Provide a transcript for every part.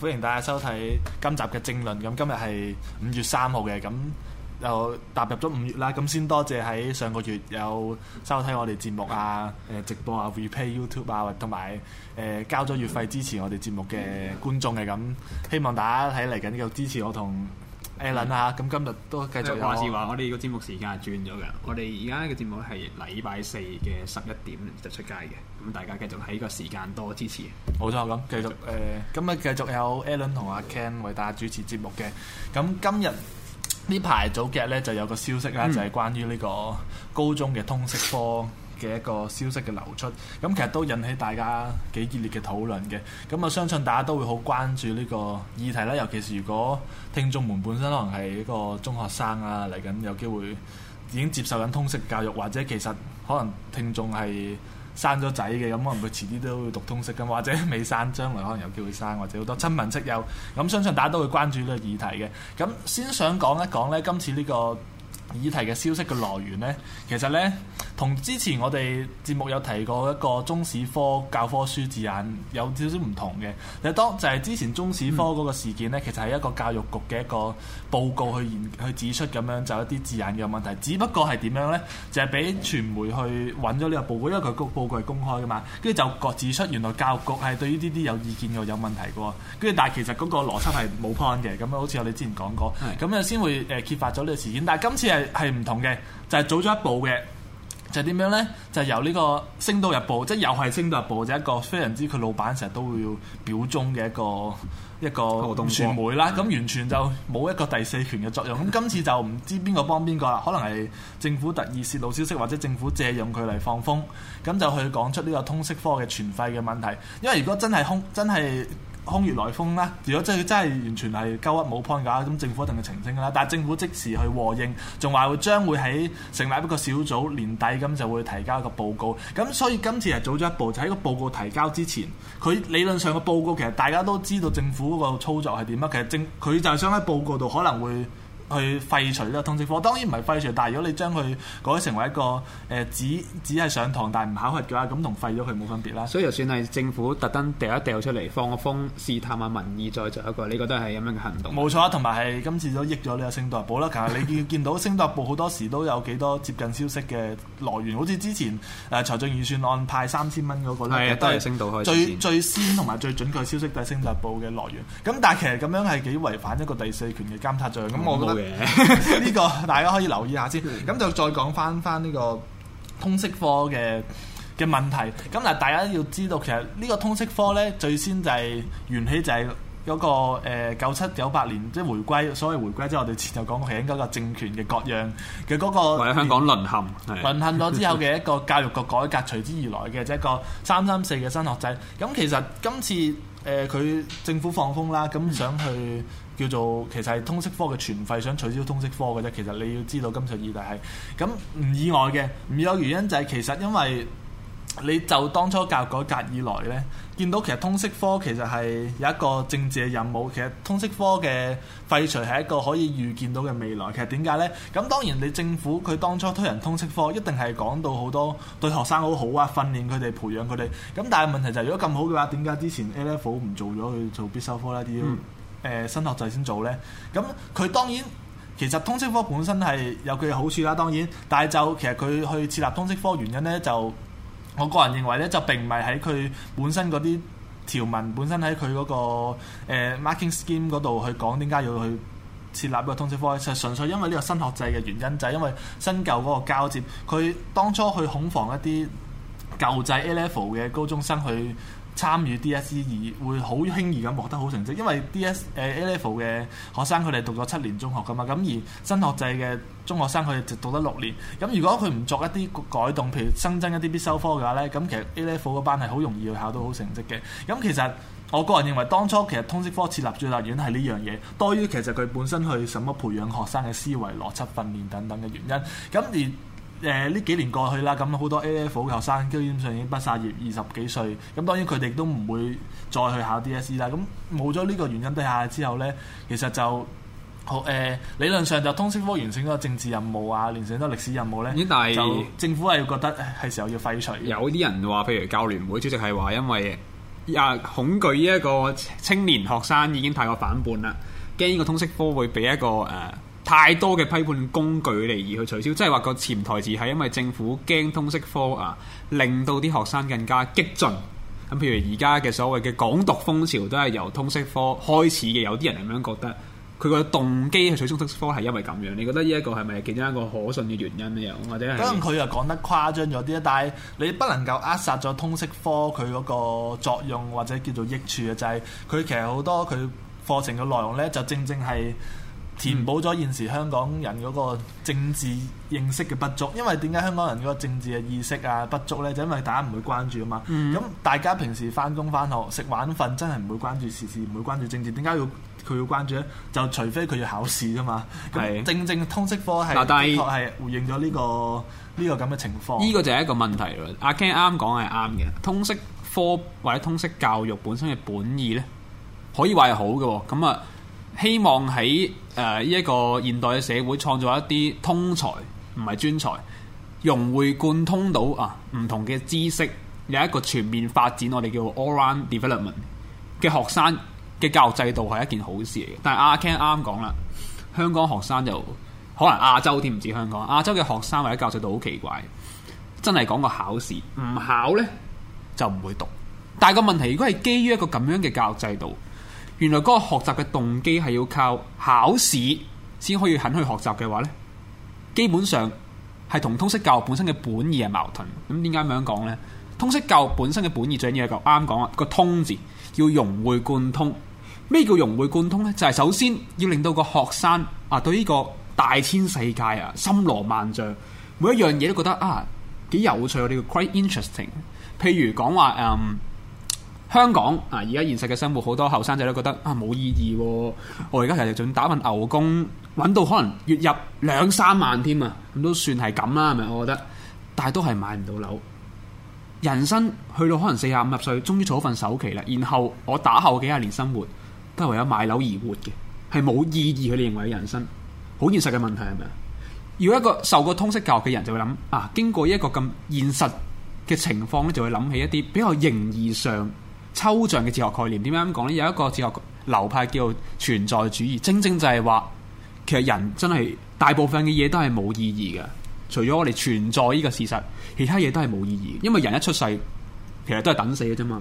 歡迎大家收睇今集嘅政論。咁今日係五月三號嘅，咁又踏入咗五月啦。咁先多謝喺上個月有收睇我哋節目啊、誒直播啊、replay YouTube 啊，同埋誒交咗月費支持我哋節目嘅觀眾嘅。咁希望大家喺嚟緊繼續支持我同 Alan 啊，咁 Alan,、嗯、今日都繼續有話事話，我哋個節目時間轉咗㗎。我哋而家嘅節目係禮拜四嘅十一點就出街嘅，咁大家繼續喺個時間多支持。冇錯，咁，繼續誒續、呃，今日繼續有 Alan 同阿 Ken 為大家主持節目嘅。咁今日呢排早幾日咧就有個消息啦，嗯、就係關於呢個高中嘅通識科。嘅一個消息嘅流出，咁其實都引起大家幾熱烈嘅討論嘅。咁啊，相信大家都會好關注呢個議題啦。尤其是如果聽眾們本身可能係一個中學生啊，嚟緊有機會已經接受緊通識教育，或者其實可能聽眾係生咗仔嘅，咁可能佢遲啲都會讀通識嘅，或者未生，將來可能有機會生，或者好多親朋戚友，咁相信大家都會關注呢個議題嘅。咁先想講一講呢，今次呢個。議題嘅消息嘅來源咧，其實咧同之前我哋節目有提過一個中史科教科書字眼有少少唔同嘅。就係當就係之前中史科嗰個事件咧，嗯、其實係一個教育局嘅一個報告去言去指出咁樣就一啲字眼嘅問題，只不過係點樣咧？就係俾傳媒去揾咗呢個報告，因為佢個報告係公開㗎嘛。跟住就各指出原來教育局係對於呢啲有意見嘅有問題㗎。跟住但係其實嗰個邏輯係冇 point 嘅，咁樣、嗯、好似我哋之前講過，咁樣、嗯、先會誒揭發咗呢個事件。但係今次係。係唔同嘅，就係、是、早咗一步嘅，就點、是、樣呢？就是、由呢個《星島日報》，即係又係《星島日報》，就是、一個非常之佢老闆成日都會要表忠嘅一個一個傳媒啦。咁完全就冇一個第四權嘅作用。咁今次就唔知邊個幫邊個啦？可能係政府特意泄露消息，或者政府借用佢嚟放風，咁就去講出呢個通識科嘅存廢嘅問題。因為如果真係空，真係。空穴來風啦！如果真係真係完全係鳩 up 冇 point 嘅話，咁政府一定係澄清㗎啦。但係政府即時去和應，仲話會將會喺成立一個小組年底咁就會提交一個報告。咁所以今次係早咗一步，就喺、是、個報告提交之前，佢理論上嘅報告其實大家都知道政府嗰個操作係點啊。其實政佢就係想喺報告度可能會。去廢除呢個通識科，當然唔係廢除，但係如果你將佢改成為一個誒、呃、只只係上堂但係唔考核嘅話，咁同廢咗佢冇分別啦。所以就算係政府特登掉一掉出嚟放個風試探下民意，再做一個，呢個都係咁樣嘅行動。冇錯，同埋係今次都益咗呢個星島報啦。其實 你見到星島報好多時都有幾多接近消息嘅來源，好似 之前誒、呃、財政預算案派三千蚊嗰、那個 都係星島開最。最最先同埋最準確消息都係星島報嘅來源。咁 但係其實咁樣係幾違反一個第四權嘅監察罪。咁 我，我覺得。呢 個大家可以留意下先，咁 就再講翻翻呢個通識科嘅嘅問題。咁嗱，大家要知道，其實呢個通識科呢，最先就係、是、源起就係嗰、那個誒、呃、九七九八年即係回歸，所謂回歸即係我哋前頭講過，係應該個政權嘅割讓嘅、那、嗰個或者香港淪陷，淪是陷咗之後嘅一個教育個改革隨之而來嘅 一個三三四嘅新學制。咁其實今次誒佢、呃、政府放風啦，咁想去。 叫做其實係通識科嘅存廢，想取消通識科嘅啫。其實你要知道，今次議題係咁唔意外嘅，唔有原因就係其實因為你就當初教育改革以來呢，見到其實通識科其實係有一個政治嘅任務。其實通識科嘅廢除係一個可以預見到嘅未來。其實點解呢？咁當然你政府佢當初推行通識科，一定係講到好多對學生好好啊，訓練佢哋，培養佢哋。咁但係問題就係、是、如果咁好嘅話，點解之前 A-Level 唔做咗去做必修科呢？嗯誒、呃、新學制先做呢，咁、嗯、佢當然其實通識科本身係有佢嘅好處啦，當然，但係就其實佢去設立通識科原因呢，就我個人認為呢，就並唔係喺佢本身嗰啲條文，本身喺佢嗰個、呃、marking scheme 嗰度去講點解要去設立呢個通識科，就係、純粹因為呢個新學制嘅原因，就係、係、因為新舊嗰個交接，佢當初去恐防一啲舊制 A level 嘅高中生去，參與 DSE 而會好輕易咁獲得好成績，因為 DSE、呃、A Level 嘅學生佢哋讀咗七年中學㗎嘛，咁而新學制嘅中學生佢哋就讀咗六年，咁如果佢唔作一啲改動，譬如新增一啲必修科嘅話呢，咁其實 A Level 嗰班係好容易去考到好成績嘅。咁其實我個人認為，當初其實通識科設立最難院係呢樣嘢，多於其實佢本身去什麼培養學生嘅思維、邏輯訓練等等嘅原因。咁而誒呢、呃、幾年過去啦，咁好多 A Level 嘅學生，基本上已經畢曬業，二十幾歲。咁當然佢哋都唔會再去考 DSE 啦。咁冇咗呢個原因底下之後呢，其實就學誒、呃、理論上就通識科完成咗政治任務啊，完成咗歷史任務咧。但是就政府係要覺得係時候要廢除。有啲人話，譬如教聯會主席係話，因為啊恐懼呢一個青年學生已經太過反叛啦，驚呢個通識科會俾一個誒、呃太多嘅批判工具嚟而去取消，即係話個潛台詞係因為政府驚通識科啊，令到啲學生更加激進。咁譬如而家嘅所謂嘅港獨風潮都係由通識科開始嘅，有啲人咁樣覺得佢個動機去取消通識科係因為咁樣，你覺得呢一個係咪其中一個可信嘅原因呢？啊？或者係，可能佢又講得誇張咗啲啊，但係你不能夠扼殺咗通識科佢嗰個作用或者叫做益處嘅就係、是、佢其實好多佢課程嘅內容咧，就正正係。填補咗現時香港人嗰個政治認識嘅不足，因為點解香港人嗰個政治嘅意識啊不足呢？就因為大家唔會關注啊嘛。咁、嗯、大家平時返工返學食晚瞓，真係唔會關注時事，唔會關注政治。點解要佢要關注呢？就除非佢要考試啊嘛。是正正通識科係是確係回應咗呢、呢個呢、呢個咁嘅情況。呢個就係一個問題，阿 Ken 啱講係啱嘅。通識科或者通識教育本身嘅本意呢，可以話係好嘅。咁啊。希望喺誒呢一個現代嘅社會創造一啲通才，唔係專才，融會貫通到啊唔同嘅知識有一個全面發展，我哋叫 all-round development 嘅學生嘅教育制度係一件好事嚟嘅。但係阿、啊、Ken 啱啱講啦，香港學生就可能亞洲添，唔止香港，亞洲嘅學生或者教育制度好奇怪，真係講個考試唔考呢就唔會讀，但係個問題如果係基於一個咁樣嘅教育制度。原來嗰個學習嘅動機係要靠考試先可以肯去學習嘅話呢，基本上係同通識教育本身嘅本意係矛盾。咁點解咁樣講呢？通識教育本身嘅本意最緊要啱講啊個通字，要融會貫通。咩叫融會貫通呢？就係、是、首先要令到個學生啊對呢個大千世界啊心羅萬象，每一樣嘢都覺得啊幾有趣，我哋叫 quite interesting。譬如講話嗯。Um, 香港啊，而家現實嘅生活好多後生仔都覺得啊，冇意義、啊。我而家其實仲打份牛工，揾到可能月入兩三萬添啊，咁、嗯、都算係咁啦，係咪？我覺得，但係都係買唔到樓。人生去到可能四十五十歲，終於儲一份首期啦。然後我打後幾廿年生活都係為咗買樓而活嘅，係冇意義。佢哋認為人生好現實嘅問題係咪啊？如果一個受過通識教育嘅人就會諗啊，經過一個咁現實嘅情況咧，就會諗起一啲比較形而上。抽象嘅哲學概念點解咁講呢？有一個哲學流派叫存在主義，正正就係話，其實人真係大部分嘅嘢都係冇意義嘅，除咗我哋存在呢個事實，其他嘢都係冇意義。因為人一出世，其實都係等死嘅啫嘛。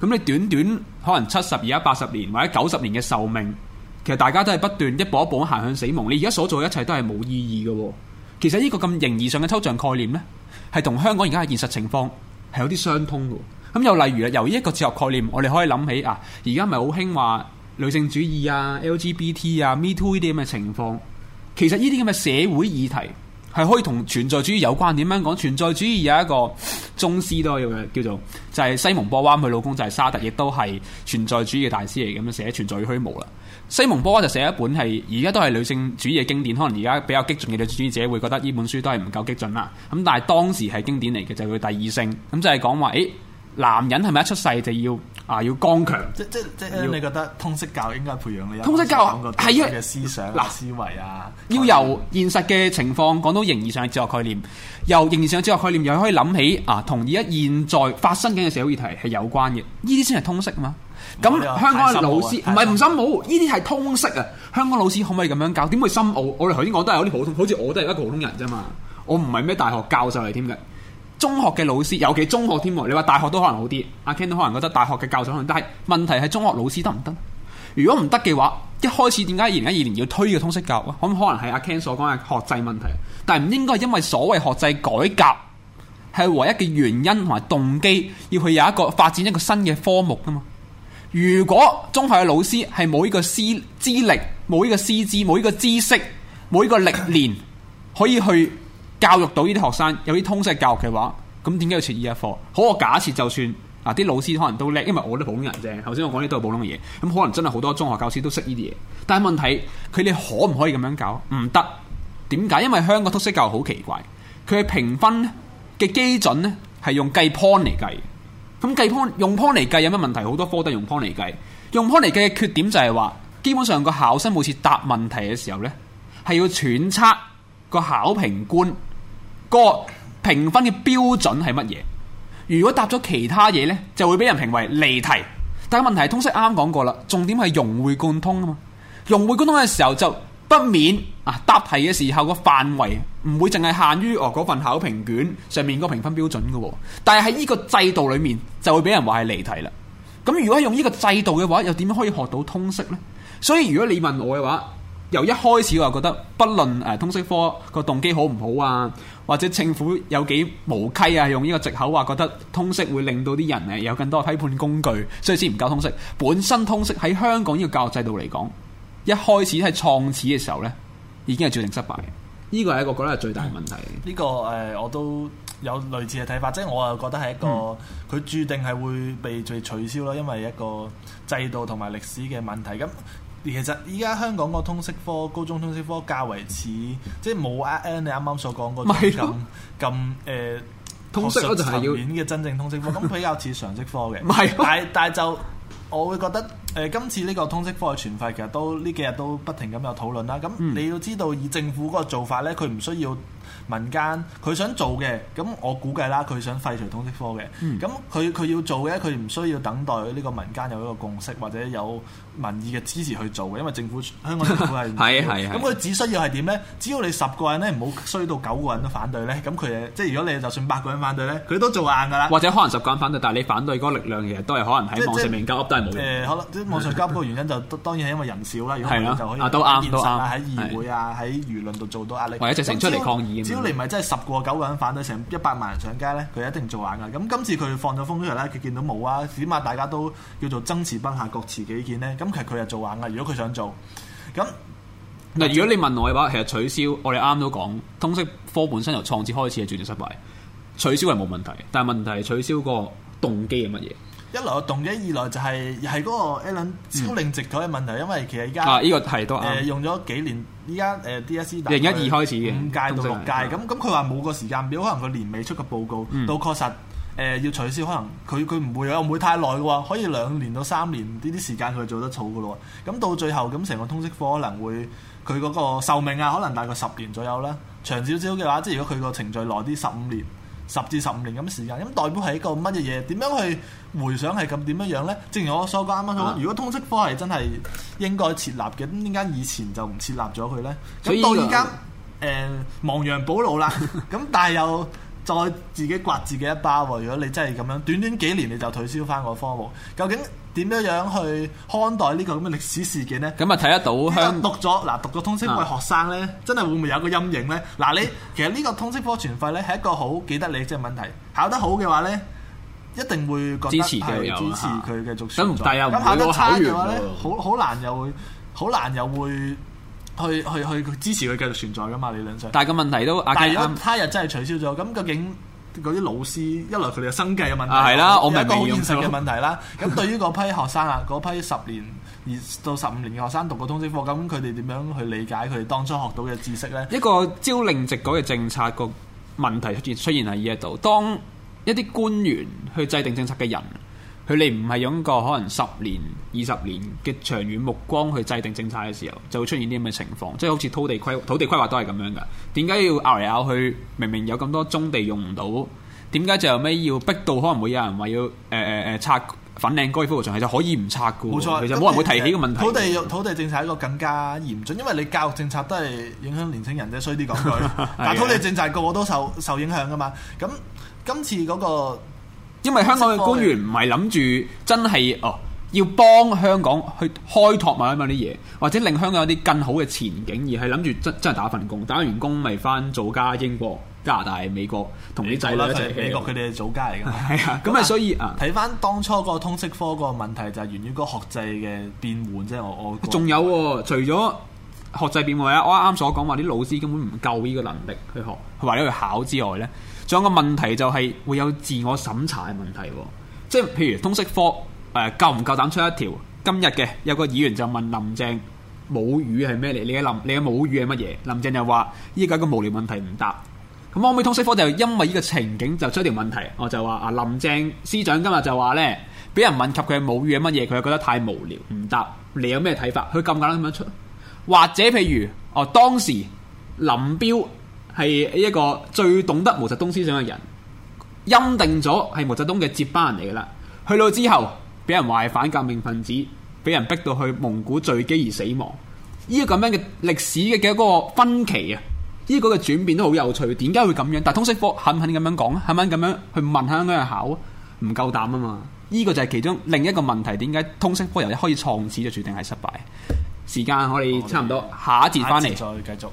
咁你短短可能七十而家八十年或者九十年嘅壽命，其實大家都係不斷一步一步行向死亡。你而家所做嘅一切都係冇意義㗎喎。其實呢個咁形而上嘅抽象概念呢，係同香港而家嘅現實情況係有啲相通㗎喎。咁又例如啦，由於一個哲學概念，我哋可以諗起啊。而家咪好興話女性主義啊、LGBT 啊、Me Too 呢啲咁嘅情況。其實呢啲咁嘅社會議題係可以同存在主義有關。點樣講？存在主義有一個宗師都可以叫做就係、是、西蒙波娃，佢老公就係沙特，亦都係存在主義嘅大師嚟，咁樣寫《存在與虛無》啦。西蒙波娃就寫一本係而家都係女性主義嘅經典，可能而家比較激進嘅女主義者會覺得呢本書都係唔夠激進啦。咁但係當時係經典嚟嘅，就係佢、是、第二性咁就係講話誒。欸男人係咪一出世就要啊，要剛強？即即即你覺得通識教應該培養你通識教啊？係啊，嘅思想、思維啊，要由現實嘅情況講到形而上嘅哲學概念，由形而上嘅哲學概念又可以諗起啊，同而家現在發生緊嘅社會議題係有關嘅。呢啲先係通識嘛。咁、嗯，這個、香港嘅老師唔係唔深奧，呢啲係通識啊！香港老師可唔可以咁樣教？點會深奧？我哋頭先講都係有啲普通，好似我都係一個普通人啫嘛。我唔係咩大學教授嚟添嘅。中學嘅老師，尤其中學添，你話大學都可能好啲，阿、啊、Ken 都可能覺得大學嘅教長好低。但問題係中學老師得唔得？如果唔得嘅話，一開始點解二零一二年要推嘅通識教育啊？咁可能係阿、啊、Ken 所講嘅學制問題，但唔應該因為所謂學制改革係唯一嘅原因同埋動機，要去有一個發展一個新嘅科目噶嘛？如果中學嘅老師係冇呢個師資歷、冇呢個師資、冇呢個知識、冇呢個歷練，可以去。教育到呢啲學生有啲通識教育嘅話，咁點解要設呢一科？好，我假設就算啊，啲老師可能都叻，因為我都普通人啫。頭先我講呢都係普通嘅嘢，咁、嗯、可能真係好多中學教師都識呢啲嘢。但係問題佢哋可唔可以咁樣搞？唔得，點解？因為香港通識教育好奇怪，佢嘅評分嘅基準呢係用計 point 嚟計。咁計 point 用 point 嚟計有咩問題？好多科都用 point 嚟計，用 point 嚟計嘅缺點就係、是、話，基本上個考生每次答問題嘅時候呢，係要揣測個考評官。個評分嘅標準係乜嘢？如果答咗其他嘢呢，就會俾人評為離題。但係問題通識啱啱講過啦，重點係融會貫通啊嘛。融會貫通嘅時候就不免啊答題嘅時候個範圍唔會淨係限於哦嗰份考評卷上面個評分標準噶但係喺呢個制度裏面就會俾人話係離題啦。咁如果用呢個制度嘅話，又點樣可以學到通識呢？所以如果你問我嘅話，由一開始我就覺得，不論誒通識科個動機好唔好啊，或者政府有幾無稽啊，用呢個藉口話覺得通識會令到啲人誒有更多批判工具，所以先唔教通識。本身通識喺香港呢個教育制度嚟講，一開始喺創始嘅時候呢，已經係注定失敗。呢個係一個覺得係最大嘅問題。呢、嗯呢個誒、呃，我都有類似嘅睇法，即係我又覺得係一個佢、嗯、注定係會被取消囉，因為一個制度同埋歷史嘅問題咁。其實依家香港個通識科、高中通識科較為似，即係冇 R N 你啱啱所講嗰種咁咁誒通識學層面嘅真正通識科，咁 比較似常識科嘅。唔係、啊，但但係就我會覺得。誒、呃、今次呢個通識科嘅存廢，其實都呢幾日都不停咁有討論啦。咁你要知道，以政府嗰個做法呢，佢唔需要民間，佢想做嘅，咁我估計啦，佢想廢除通識科嘅。咁佢佢要做嘅，佢唔需要等待呢個民間有一個共識或者有民意嘅支持去做嘅，因為政府香港政府係係係。咁佢、 嗯、只需要係點呢？只要你十個人呢，唔好衰到九個人都反對呢。咁佢即係如果你就算八個人反對呢，佢都做硬㗎啦。或者可能十個人反對，但係你反對嗰個力量其實都係可能喺網上面交噏都係冇用。網上交嗰個原因就當然係因為人少啦，如果我就可以分啊，喺對議會啊、喺是輿論度做到壓力，或者直情出嚟抗議只。只要你唔係真係十個九個人反對，成一百萬人上街咧，佢一定做硬㗎。咁今次佢放咗風出嚟咧，佢見到冇啊，起碼大家都叫做爭持不下，各持己見咧。咁其實佢係做硬㗎。如果佢想做，咁嗱，如果你問我嘅話，其實取消我哋啱都講，通識科本身由創始開始係註定失敗，取消係冇問題。但係問題係取消個動機係乜嘢？一來動嘅，二來就係係嗰個 Allen 超齡直改嘅問題，嗯、因為其實而家啊，依、這個係都、呃、用咗幾年，而家誒 DSC 零一二開始嘅五屆到六屆，咁咁佢話冇個時間表，可能佢年尾出個報告，到確實誒、呃、要取消，可能佢佢唔會有，唔會太耐嘅喎，可以兩年到三年呢啲時間佢做得措嘅咯喎，咁到最後咁成個通識科可能會佢嗰個壽命啊，可能大概十年左右啦，長少少嘅話，即係如果佢個程序耐啲，十五年。十至十五年咁嘅時間，咁代表係一個乜嘢？點樣去回想係咁點樣樣呢？正如我所講啱啱所講，如果通識科係真係應該設立嘅，咁點解以前就唔設立咗佢呢？咁到而家誒亡羊補牢啦，咁 但係又。再自己刮自己一巴，如果你真係咁樣，短短幾年你就取消翻個科目，究竟點樣樣去看待呢個咁嘅歷史事件呢？咁啊睇得到香讀咗嗱讀咗通識嘅學生呢，啊、真係會唔會有個陰影呢？嗱你其實呢個通識科全費呢，係一個好記得你即係問題，考得好嘅話呢，一定會覺得支持支持佢繼續咁，但係又唔會有呢、啊、考得差嘅話呢。好好難又會好難又會。去去去支持佢繼續存在㗎嘛？理論上，但係個問題都，但係如果他日真係取消咗，咁、嗯、究竟嗰啲老師一來佢哋嘅生計嘅問題係、啊、啦，我明咗好現實嘅問題啦。咁、嗯、對於嗰批學生啊，嗰 批十年二到十五年嘅學生讀過通識課，咁佢哋點樣去理解佢哋當初學到嘅知識呢？一個朝令夕改嘅政策，個問題出現出現喺呢度，當一啲官員去制定政策嘅人。佢哋唔係用個可能十年、二十年嘅長遠目光去制定政策嘅時候，就會出現啲咁嘅情況，即係好似土地規土地規劃都係咁樣噶。點解要拗嚟拗去？明明有咁多棕地用唔到，點解就後尾要逼到可能會有人話要誒誒誒拆粉嶺高爾夫球場，、呃、其實，呃、就可以唔拆噶？冇錯錯，冇人會提起個問題。土地、土地政策係一個更加嚴峻，因為你教育政策都係影響年青人啫，衰啲講句， 是的 但土地政策個個都受受影響噶嘛。咁今次嗰、嗰個。因為香港嘅官員唔係諗住真係哦，要幫香港去開拓埋一啲嘢，或者令香港有啲更好嘅前景，而係諗住真真係打份工，打完工咪翻祖家英國、加拿大、美國同啲仔女。美國佢哋係祖家嚟嘅。係啊，咁 啊，所以啊，睇翻當初個通識科個問題就係源於個學制嘅變換啫。我我仲有，除咗學制變換啊，我啱啱所講話啲老師根本唔夠呢個能力去學，去或者去考之外咧。仲有個問題就係會有自我審查嘅問題，哦，即係譬如通識科誒、呃、夠唔夠膽出一條今日嘅有個議員就問林鄭母語係咩嚟？你嘅林你嘅母語係乜嘢？林鄭又話依個係一個無聊問題，唔答。咁可唔可以通識科就因為呢個情景就出一條問題，我就話啊林鄭司長今日就話咧，俾人問及佢嘅母語係乜嘢，佢又覺得太無聊，唔答。你有咩睇法？佢咁簡單咁樣出，或者譬如哦當時林彪。係一個最懂得毛澤東思想嘅人，欽定咗係毛澤東嘅接班人嚟噶啦。去到之後，俾人話係反革命分子，俾人逼到去蒙古墜機而死亡。呢個咁樣嘅歷史嘅嘅一個分歧啊，呢個嘅轉變都好有趣。點解會咁樣？但通識科肯唔肯咁樣講啊，肯唔肯咁樣去問下香港樣去考啊，唔夠膽啊嘛。呢、這個就係其中另一個問題，點解通識科由一開始創始就注定係失敗？時間我哋差唔多，來下一節翻嚟再繼續。